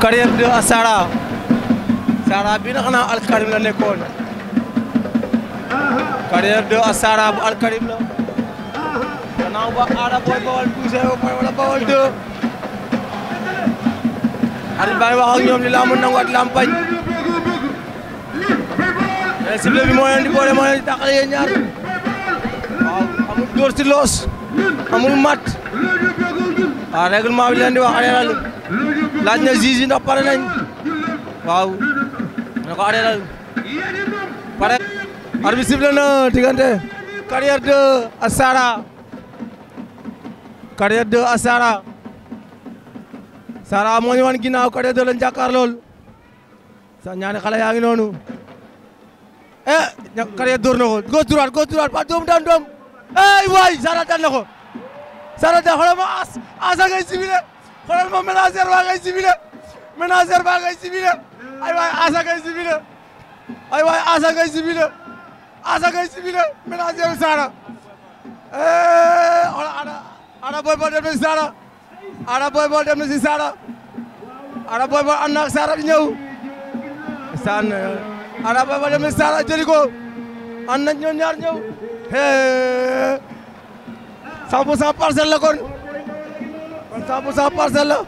carrière de a Sara Sara bi na xanaa alkarim la nekkoon carrière de a Sara alkarim la xanaa ba aada booy bawal puuse bawal deux xarit baa ngi li laa nangu at laam bañ mais cible bi moo leen di boole moo leen di tàqale yéen mat waaw ah, règlement bi leen di wax arrêté laaj na juge yi ndax pare nañ waaw na ko arrêté pare arbitre sifflé na diggante carrière de Assara carrière de Assara Sara moo ñu wan ginnaaw carrière de lañ jàkkaar lool sa ñaari xale yaa ngi noonu eh carrière dóor na ko gauche droite gauche droite doom daan doom ey eh, waay Sara daan na Sarata xoolal ma as asa ngay sibile xoolal ma ménagère baa ngay sibile ménagère baa ngay sibile ay waay asa ngay sibile ay waay asa ngay sibile asa ngay sibile ménagère Sara eh, xoolal ana ana boy boo dem na boo dem na si Sara boo ànd ak Sara di boo dem na si Sara jëli ko 100% parcelle la kon kon 100% parcelle la.